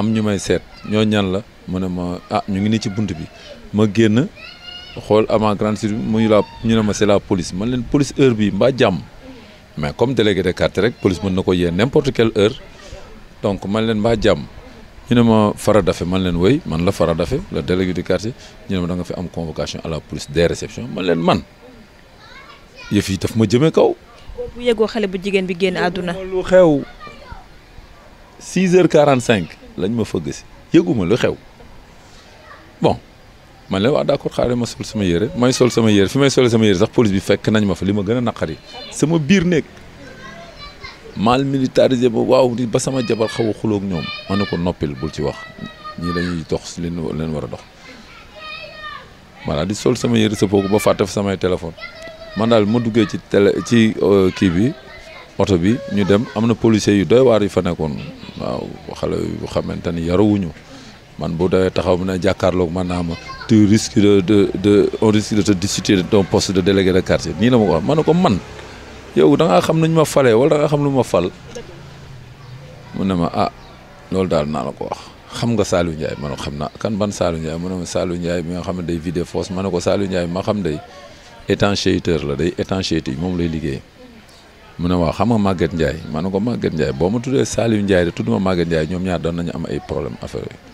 am ñu may seet ñoo ñan la mu ne ma ah ñu ngi nii ci bunt bi ma génn xool am avant grande suite mu la ñu ne ma c'est la police man leen police heure bi mbaa jàmm mais comme délégué de quartier rek police mën na ko yee n'importe quelle heure donc man leen mbaa jàmm ñu ne ma Fara Dafe man leen wey man la Fara Dafe le délégué du quartier ñu ne ma da nga fi am convocation à la police de réceptions man leen man yëf yi daf ma jëmee kaw. bu yëgoo xale bu jigéen bi génn àdduna. lu xew 6 heures 45 lañ ma fëgg si yëguma lu xew bon man la wax d'accord xaaral ma sol sama yére may sol sama yére fi may sol sama sax police bi fekk nañ ma fa li ma gën a naqari sama biir néeg mal militarisé ba waaw ba sama jabar xaw a xuloog ñoom ma ne ko noppil bul ci wax ñii dañuy dox leen leen war a dox voilà di sol sama yére sa pooku ba fàtte fa samay téléphone man daal ma duggee ci télé ci euh, kii bi oto bi ñu dem am na policiers yu doy waar yu fa nekkoon waaw xale yu xamante ni yarawuñu man bu dee taxaw mu ne jàkkaarloog man naa ma tu risque de de de on risque de te destituer de ton poste de délégué de quartier nii la ma ko wax ma ne man yow da ngaa xam nañ ma falee wala da xam lu ma fal mu ne ma ah loolu daal naa la ko wax xam nga Saliou Ndiaye ma ne ko xam na kan ban Saliou Ndiaye mu ne ma Saliou Ndiaye mi nga xam ne day vider fosse ma ne ko Saliou Ndiaye ma xam day étanchéiteur la day étanchéité moom lay liggéey mu ne waaw xam nga Maguette Ndiaye ma ne ko Maguette Ndiaye boo ma tuddee Saliou Ndiaye de tudd ma Maguette Ndiaye ñoom ñaar doon nañu am ay problème affaire